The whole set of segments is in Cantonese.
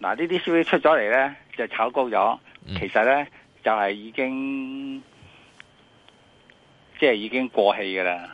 嗱，呢啲消息出咗嚟咧，就炒高咗。其實咧，就係、是、已經即係、就是、已經過氣噶啦。呢、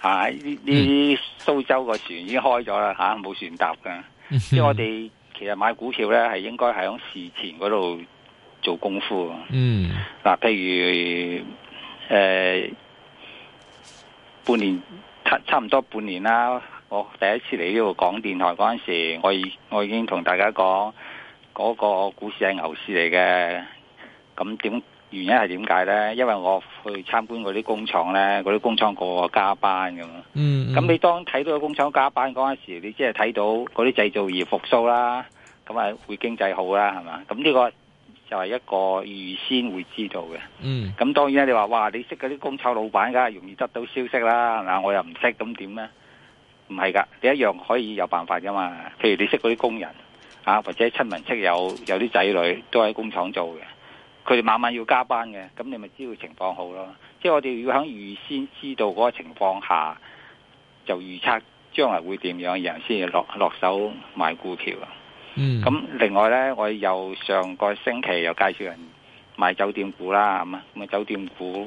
啊、呢蘇州個船已經開咗啦，嚇、啊、冇船搭噶。即我哋其實買股票咧，係應該係喺事前嗰度做功夫。嗯，嗱，譬如誒、呃、半年差差唔多半年啦。我第一次嚟呢度講電台嗰陣時候我，我已我已經同大家講嗰、嗰個股市係牛市嚟嘅。咁點原因係點解呢？因為我去參觀嗰啲工廠呢，嗰啲工廠個個加班咁。嗯，嗯，咁你當睇到個工廠加班嗰陣時候，你即係睇到嗰啲製造業復甦啦，咁啊會經濟好啦，係嘛？咁呢個就係一個預先會知道嘅。嗯，咁當然啦，你話哇，你識嗰啲工廠老闆，梗係容易得到消息啦。嗱，我又唔識，咁點呢？唔係噶，你一樣可以有辦法噶嘛。譬如你識嗰啲工人啊，或者親民戚友有啲仔女都喺工廠做嘅，佢哋晚晚要加班嘅，咁你咪知道情況好咯。即係我哋要喺預先知道嗰個情況下，就預測將來會點樣，然後先至落落手買股票啊。嗯，咁另外呢，我又上個星期又介紹人買酒店股啦，咁啊，咁啊酒店股，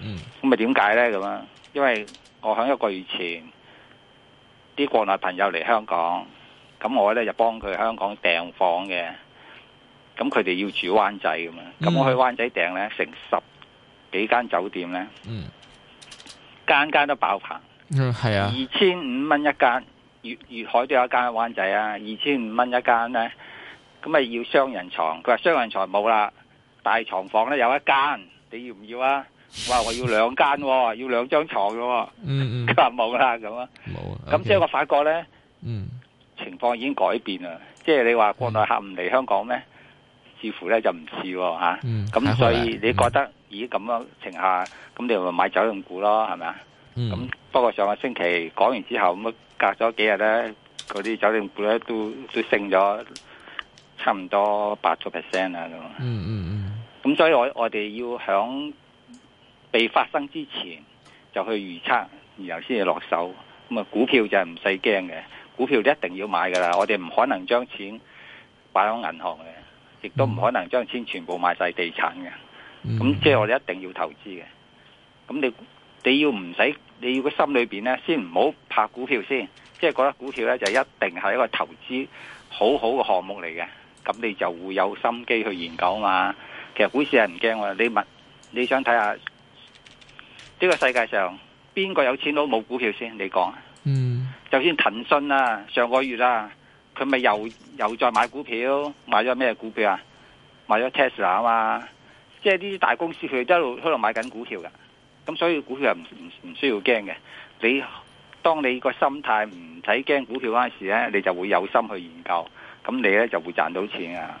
嗯，咁咪點解呢？咁啊？因為我喺一個月前，啲國內朋友嚟香港，咁我咧就幫佢香港訂房嘅，咁佢哋要住灣仔噶嘛，咁、嗯、我去灣仔訂咧，成十幾間酒店咧，嗯、間間都爆棚，嗯，係啊，二千五蚊一間，粵粵海都有一間喺灣仔啊，二千五蚊一間咧，咁咪要雙人床。佢話雙人床冇啦，大床房咧有一間，你要唔要啊？話我要兩間，哦，要兩張床嘅，哦嗯。嗯嗯，佢話冇啦咁啊。冇。咁了即係我發覺咧，嗯，情況已經改變啦。即係你話國內客唔嚟香港咩？似乎咧就唔似吓。啊、嗯。咁、嗯、所以你覺得，嗯、咦咁樣情況下，咁你咪買酒店股咯，係咪啊？嗯。咁不過上個星期講完之後，咁啊隔咗幾日咧，嗰啲酒店股咧都都升咗，差唔多八十 percent 啊咁。嗯嗯嗯。咁所以我我哋要響。未發生之前就去預測，然後先至落手。咁啊，股票就唔使驚嘅，股票一定要買㗎喇。我哋唔可能將錢擺喺銀行嘅，亦都唔可能將錢全部買晒地產嘅。咁、嗯、即係我哋一定要投資嘅。咁你你要唔使你要個心裏邊咧，先唔好拍股票先。即係覺得股票咧就一定係一個投資很好好嘅項目嚟嘅。咁你就會有心機去研究啊嘛。其實股市係唔驚嘅，你問你想睇下。呢個世界上邊個有錢佬冇股票先，你講啊？嗯，就算騰訊啊，上個月啦、啊，佢咪又又再買股票，買咗咩股票啊？買咗 Tesla 啊嘛，即係啲大公司佢一路喺度買緊股票噶，咁所以股票係唔唔唔需要驚嘅。你當你個心態唔使驚股票嗰陣時咧，你就會有心去研究，咁你咧就會賺到錢啊！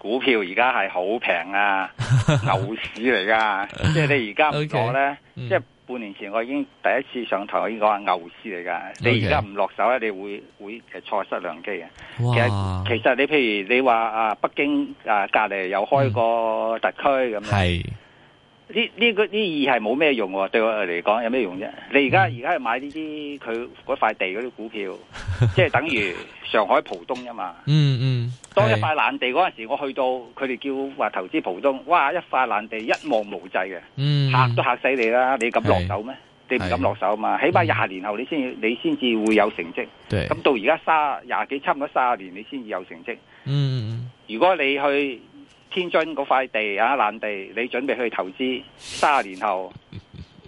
股票而家係好平啊，牛市嚟噶。 即係你而家唔做咧，Okay. 即係半年前我已經第一次上台我已經講牛市嚟噶，Okay. 你而家唔落手咧，你會會錯失良機嘅哇。其實其實你譬如你話啊，北京啊隔離有開個特區咁樣。嗯。呢呢個呢二係冇咩用喎，對我嚟講有咩用啫？你而家而家係買呢啲佢嗰塊地嗰啲股票， 即係等於上海浦東啊嘛。嗯嗯。嗯當一塊爛地嗰陣時，是我去到佢哋叫話投資浦東，哇！一塊爛地一望無際嘅，嚇、嗯、都嚇死你啦！你敢落手咩？是你唔敢落手啊嘛。是起碼廿年後你先你先至會有成績。咁對到而家卅廿幾差唔多卅年，你先至有成績。嗯嗯。如果你去。天津嗰塊地啊爛地，你準備去投資三十年後，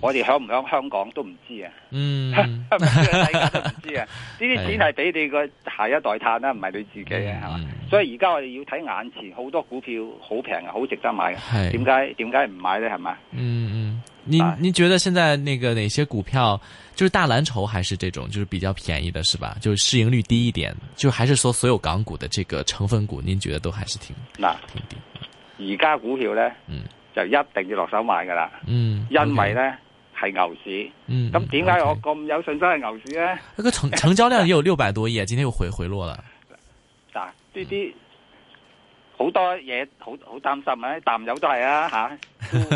我哋響唔響香港都唔知啊，嗯，大家 都唔知啊，呢啲錢係俾你個下一代嘆啦，唔係的你自己嘅係嘛，嗯、所以而家我哋要睇眼前好多股票好平啊，好值得買嘅，係點解點解唔買咧係咪？嗯嗯，您您覺得現在那個哪些股票就是大藍籌還是這種就是比較便宜的，是吧？就市盈率低一點，就還是說所有港股的這個成分股，您覺得都還是挺那、嗯、挺低。而家股票咧，嗯、就一定要落手買噶啦，嗯 okay、因為咧係牛市。咁點解我咁有信心係牛市咧？嗯 okay 那個成成交量也有六百多億，啊， 今天又回回落啦。嗱，呢啲好多嘢好好擔心啊，淡友都係啊吓、啊，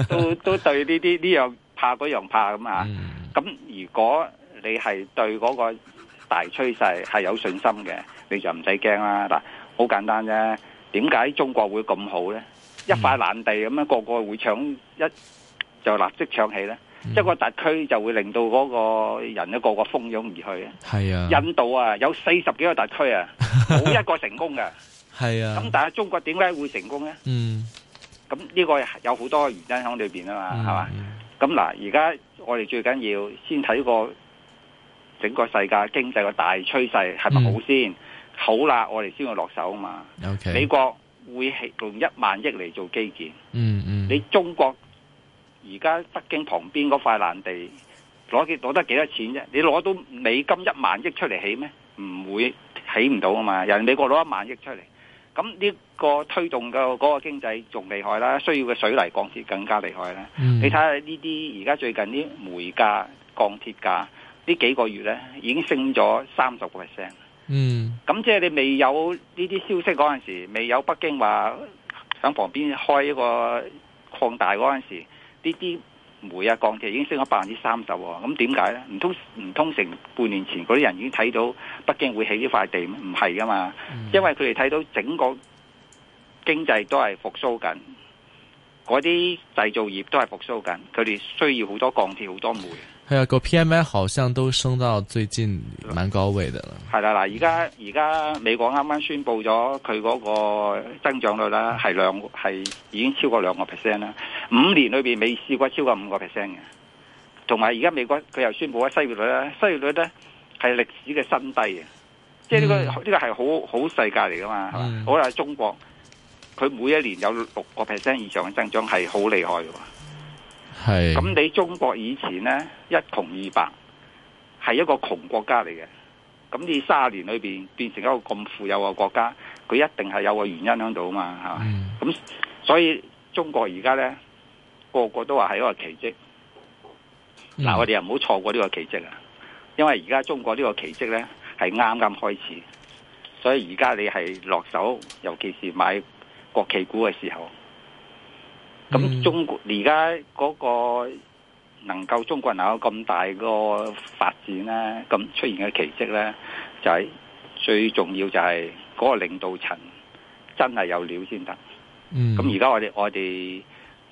都都，都對呢啲呢樣怕嗰樣怕咁啊。咁、 啊、如果你係對嗰個大趨勢係有信心嘅，你就唔使驚啦。嗱，好簡單啫。點解中國會咁好咧？嗯、一塊爛地咁樣，那個個會搶一就立即搶起咧。嗯、一個特區就會令到嗰個人一個個個蜂擁而去。係啊，印度啊有四十幾個特區啊，冇 一個成功嘅。係啊，咁但係中國點解會成功咧？嗯，咁呢個有好多原因喺裏面啊嘛，係嘛、嗯？咁嗱，而家我哋最緊要先睇個整個世界經濟嘅大趨勢係咪好先？嗯、好啦，我哋先會落手啊嘛。Okay. 美國。會起用一萬億嚟做基建，嗯嗯，嗯，你中國而家北京旁邊嗰塊爛地攞幾攞得幾多錢啫？你攞到美金一萬億出嚟起咩？唔會起唔到啊嘛！人美國攞一萬億出嚟，咁呢個推動嘅嗰、嗰個經濟仲厲害啦，需要嘅水泥鋼鐵更加厲害啦。嗯、你睇下呢啲而家最近啲煤價、鋼鐵價呢幾個月咧，已經升咗三十個 percent。嗯，咁即係你未有呢啲消息嗰陣時，未有北京話響旁邊開一個擴大嗰陣時，呢啲煤啊、鋼鐵已經升咗百分之三十，咁點解咧？唔通唔通成半年前嗰啲人已經睇到北京會起呢塊地？唔係噶嘛，嗯、因為佢哋睇到整個經濟都係復甦緊，嗰啲製造業都係復甦緊，佢哋需要好多鋼鐵、好多煤。係啊，個 P M I 好像都升到最近蠻高位嘅啦。係啦，嗱，而家而家美國啱啱宣布咗佢嗰個增長率啦，係兩係已經超過兩個 percent 啦。五年裏邊未試過超過五個 percent 嘅。同埋而家美國佢又宣布咗失業率咧，失業率咧係歷史嘅新低啊。即係呢、呢個呢、嗯、個係好好世界嚟噶嘛，係嘛、嗯？我話中國，佢每一年有六個 percent 以上嘅增長係好厲害嘅。係，咁是你中國以前咧一窮二白，係一個窮國家嚟嘅，咁你卅年裏邊變成一個咁富有嘅國家，佢一定係有個原因喺度啊嘛，咁是所以中國而家咧個個都話係一個奇蹟，嗱是我哋又唔好錯過呢個奇蹟啊，因為而家中國呢個奇蹟咧係啱啱開始，所以而家你係落手，尤其是買國企股嘅時候。咁、嗯、中國而家嗰個能夠中國人能有咁大個發展咧，咁出現嘅奇蹟咧，就係、是、最重要就係嗰個領導層真係有料先得。嗯，咁而家我哋我哋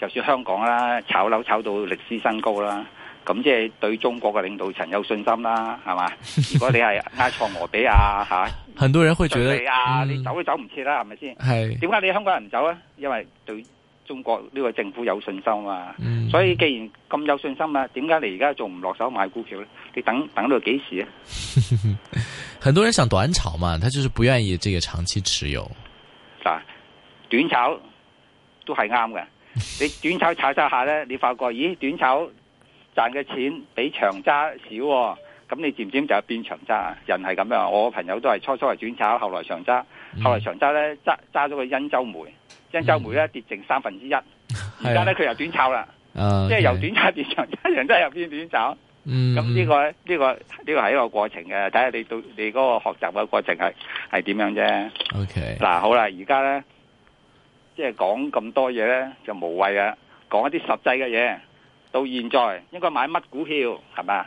就算香港啦，炒樓炒到歷史新高啦，咁即係對中國嘅領導層有信心啦，係嘛？ 如果你係埃塞俄比亞吓，啊、很多人會覺得啊，嗯、你走都走唔切啦，係咪先？係是。點解你香港人唔走啊？因為對。中國呢個政府有信心嘛？嗯、所以既然咁有信心啦、啊，點解你而家仲唔落手買股票咧？你等等到幾時啊？ 很多人想短炒嘛，他就是不願意這個長期持有。嗱，短炒都係啱嘅。你短炒炒晒下呢，你發覺咦，短炒賺嘅錢比長揸少、哦，咁你漸漸就變長揸、啊。人係咁樣，我朋友都係初初係短炒，後來長揸。嗯、後來長洲咧揸揸咗個欽州煤。欽州煤咧跌剩三分之一、嗯，而家咧佢又短炒啦，即係、啊 okay，由短炒變長，長洲又變短炒。咁呢、嗯、個呢、這個呢、這個係一個過程嘅，睇下你到你嗰個學習嘅過程係係點樣啫。OK，嗱、啊、好啦，而家咧即係講咁多嘢咧就無謂啊，講一啲實際嘅嘢。到現在應該買乜股票係咪？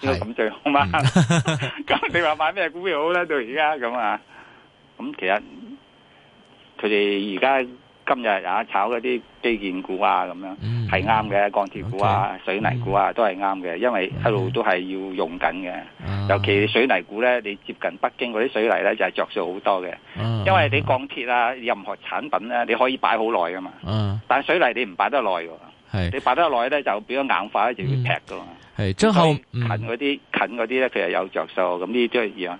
應該咁最好嘛？咁、嗯、 你話買咩股票好咧？到而家咁啊？咁、嗯、其實佢哋而家今日啊炒嗰啲基建股啊咁樣係啱嘅，鋼鐵股啊、Okay. 水泥股啊都係啱嘅，因為一路都係要用緊嘅。嗯、尤其水泥股咧，你接近北京嗰啲水泥咧就係、是、着數好多嘅，嗯、因為你鋼鐵啊，啊任何產品咧你可以擺好耐噶嘛。嗯、但係水泥你唔擺得耐㗎，是你擺得耐咧就變咗硬化，就要劈㗎嘛。係最、嗯、後近嗰啲、嗯、近嗰啲咧，佢係有着數，咁呢啲都係樣。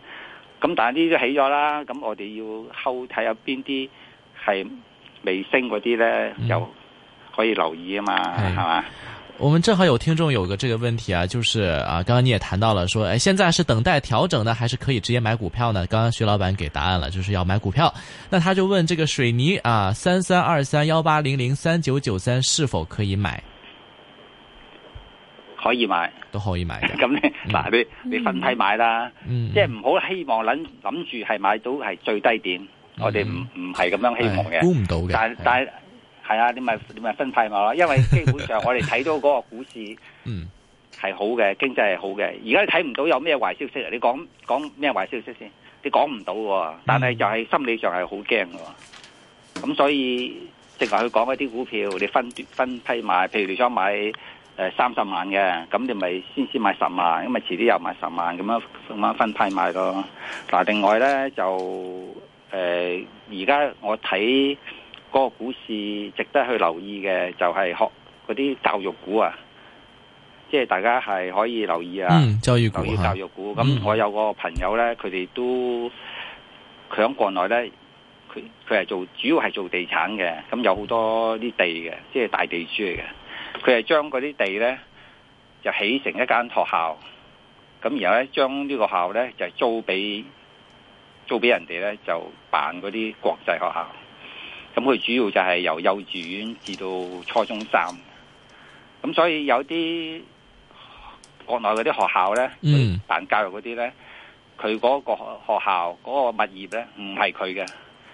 咁但係呢啲都起咗啦，咁我哋要後睇有邊啲係未升嗰啲咧，就、嗯、可以留意啊嘛，係嘛、嗯。吧我們正好有聽眾有個這個問題啊，就是啊，剛剛你也談到了說，說、哎、誒，現在是等待調整呢，還是可以直接買股票呢？剛剛徐老闆給答案了，就是要買股票。那他就問這個水泥啊，三三二三幺八零零三九九三是否可以買？可以買，都可以買嘅。咁咧，嗱 你，你、嗯、你分批買啦，嗯嗯、即係唔好希望諗諗住係買到係最低點。嗯、我哋唔唔係咁樣希望嘅，估唔、嗯、到嘅但、嗯。但但係係啊，你咪你咪分批買咯。因為基本上我哋睇到嗰個股市是，嗯，係好嘅，經濟係好嘅。而家你睇唔到有咩壞消息啊？你講講咩壞消息先？你講唔到嘅，但係就係、是嗯、心理上係好驚嘅。咁所以正話佢講一啲股票，你分分批買，譬如你想買。誒，三十、呃、萬嘅，咁你咪先先買十萬，因為遲啲又買十萬，咁樣咁樣分批買咯。但、啊、另外咧就誒，而、呃、家我睇個股市值得去留意嘅就係學嗰啲教育股啊，即係大家係可以留意啊，嗯、就要教育留意教育股。咁、嗯、我有個朋友咧，佢哋都佢喺國內咧，佢佢係做主要係做地產嘅，咁有好多啲地嘅，即、就、係、是、大地主嚟嘅。佢係將嗰啲地咧，就起成一間學校，咁然後咧將呢個校咧就租俾租俾人哋咧，就辦嗰啲國際學校。咁佢主要就係由幼稚園至到初中三。咁所以有啲國內嗰啲學校咧，mm. 辦教育嗰啲咧，佢嗰個學校嗰個物業咧唔係佢嘅，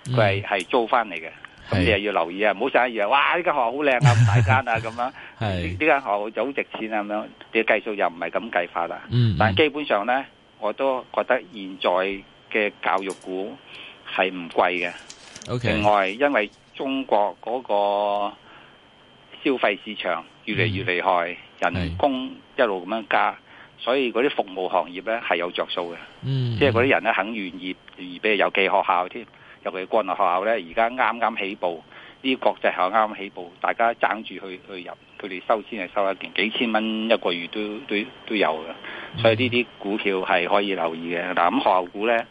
佢係係租翻嚟嘅。咁你又要留意啊！唔好晒以為，哇！呢間學好靚啊，咁大間啊咁樣。呢間學校就好值錢啊咁樣。你嘅計數又唔係咁計法啦。嗯嗯但基本上咧，我都覺得現在嘅教育股係唔貴嘅。O Okay K。另外，因為中國嗰個消費市場越嚟越厲害，嗯、人工一路咁樣加，是所以嗰啲服務行業咧係有着數嘅。嗯,嗯。即係嗰啲人咧肯願意而譬如有記學校添。尤其國內學校咧，而家啱啱起步，啲國際學校啱啱起步，大家爭住去去入，佢哋收錢係收一件幾千蚊一個月都都都有嘅，所以呢啲股票係可以留意嘅。嗱，咁學校股咧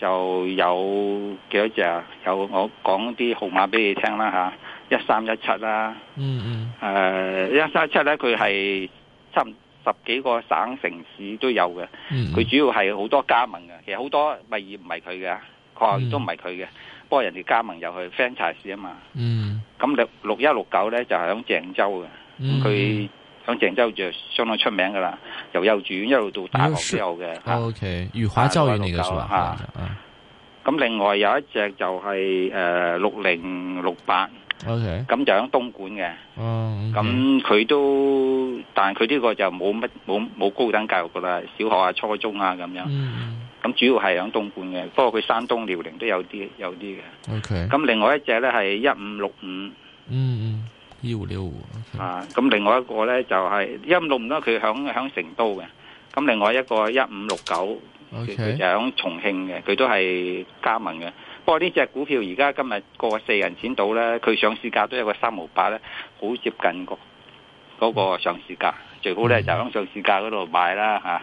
就有幾多隻啊？有我講啲號碼俾你聽啦嚇，一三一七啦，嗯嗯、mm，誒一三一七咧，佢係差唔多十幾個省城市都有嘅，佢、mm hmm. 主要係好多加盟嘅，其實好多物業唔係佢嘅。佢都唔係佢嘅，不過人哋加盟又去 Fantasia 啊嘛。嗯。咁六六一六九咧就喺鄭州嘅，佢喺鄭州就相當出名噶啦，由幼稚園一路到大學之後嘅。O K. 宇華教育嗰個係嘛？吓。咁另外有一隻就係誒六零六八。O K. 咁就喺東莞嘅。嗯。咁佢都，但係佢呢個就冇乜冇冇高等教育噶啦，小學啊、初中啊咁樣。咁主要係喺東莞嘅，不過佢山東、遼寧都有啲、有啲嘅。O K。咁另外一隻咧係一五六五。嗯嗯。幺五幺五啊，咁另外一個咧就係一五六五啦，佢響響成都嘅。咁另外一個一五六九，佢佢就響重慶嘅，佢都係加盟嘅。不過呢隻股票而家今日過四人錢到咧，佢上市價都有個三毫八咧，好接近個嗰個上市價。嗯、最好咧就響、是、上市價嗰度買啦嚇。啊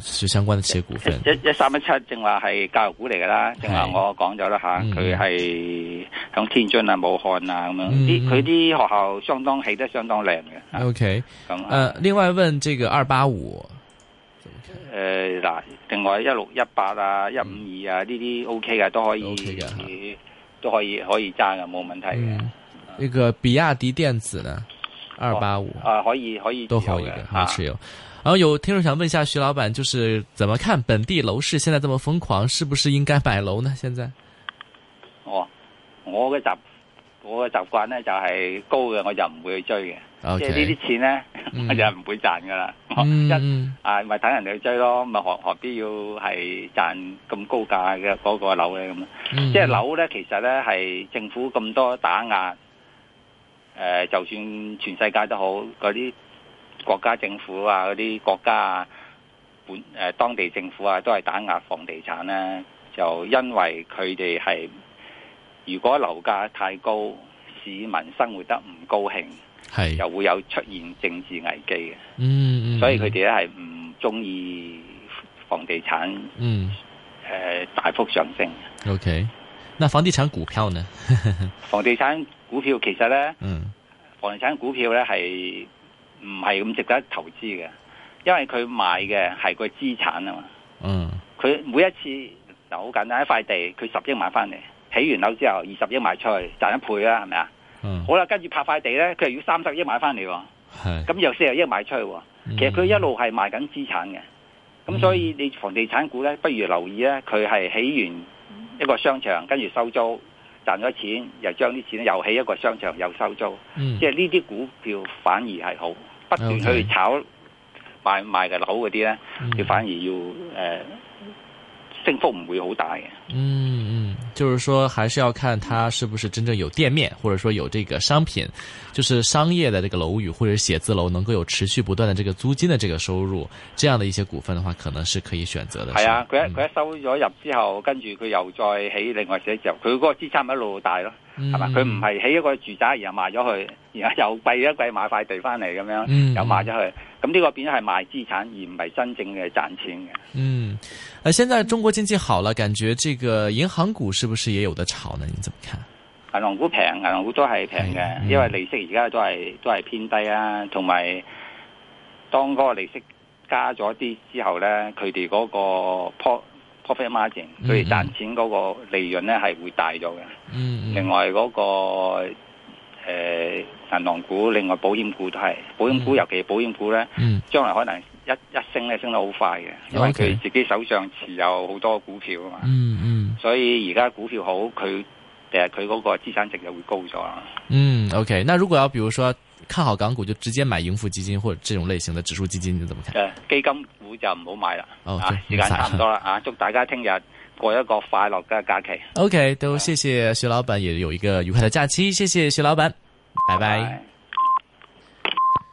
誒，相關嘅企業股份，一、一三、一七，正話係教育股嚟㗎啦，正話我講咗啦吓，佢係響天津啊、武漢啊咁樣，啲佢啲學校相當起得相當靚嘅。O K，咁誒，另外問呢個二八五，誒嗱，另外一六一八啊，一五二啊，呢啲 O K 嘅都可以，都可以可以揸㗎，冇問題嘅。呢個比亞迪電子呢，二八五啊，可以可以都可以嘅，持有。然後、哦、有聽眾想問一下徐老闆，就是怎麼看本地樓市現在這麼瘋狂，是不是應該買樓呢？現在，哦、我的我嘅習我嘅習慣咧就係高嘅我就唔會去追嘅，即係 Okay. 呢啲錢咧我就唔會賺噶啦，因、嗯、啊咪等人哋去追咯，咪何何必要係賺咁高價嘅嗰個樓咧咁？嗯、即係樓咧其實咧係政府咁多打壓，誒、呃、就算全世界都好啲。國家政府啊，嗰啲國家啊，本誒當地政府啊，都係打壓房地產咧、啊。就因為佢哋係如果樓價太高，市民生活得唔高興，係是又會有出現政治危機嘅。嗯，所以佢哋咧係唔中意房地產。嗯，誒、呃、大幅上升。Okay.，嗱房地產股票呢？ 房地產股票其實呢，嗯，房地產股票呢係。是唔係咁值得投資嘅，因為佢買嘅係個資產啊嘛。嗯。佢每一次就好簡單，一塊地佢十億買翻嚟，起完樓之後二十億賣出去賺一倍啊，係咪啊？嗯。好啦，跟住拍塊地咧，佢係又要三十億買翻嚟。係。咁又四十億賣出去，其實佢一路係賣緊資產嘅。咁、嗯、所以你房地產股咧，不如留意咧，佢係起完一個商場，跟住收租賺咗錢，又將啲錢又起一個商場又收租。嗯、即係呢啲股票反而係好。Okay. 不斷去炒賣賣嘅樓嗰啲咧，佢反而要誒、呃、升幅唔會好大嘅。嗯嗯、mm。Hmm. 就是說，還是要看它是不是真正有店面，或者說有這個商品，就是商業的這個樓宇或者寫字樓能夠有持續不斷的這個租金的這個收入，這樣的一些股份的話，可能是可以選擇的是。是啊，佢一佢一收咗入之後，跟住佢又再起另外寫字樓，佢嗰個資產一路大咯，係嘛，嗯？佢唔係起一個住宅然後賣咗去，然後又貴一貴買塊地翻嚟咁樣，嗯，又賣咗去，咁呢個變咗係賣資產而唔係真正嘅賺錢嘅。嗯，現在中國經濟好了，感覺這個銀行股是。是不是也有得炒呢？你怎麼看？銀行股平，銀行股都係平嘅，是嗯、因為利息而家都係都係偏低啊。同埋，當嗰個利息加咗啲之後呢，佢哋嗰個 pro profit margin，佢哋賺錢嗰個利潤呢係會大咗嘅。嗯嗯、另外嗰、那個誒銀行股，另外保險股都係，保險股、嗯、尤其保險股呢，將、嗯、來可能一一升呢升得好快嘅，因為佢自己手上持有好多股票啊嘛。嗯嗯所以而家股票好，佢第佢嗰個資產值就會高咗啦。嗯，OK，那如果要，比如說看好港股，就直接買盈富基金或者這種類型的指數基金，你怎麼看？誒，基金股就唔好買啦。哦，啊、對時間差唔多啦、 啊，祝大家聽日過一個快樂嘅假期。OK，都謝謝徐老闆，嗯、也有一個愉快的假期。謝謝徐老闆，拜拜。拜拜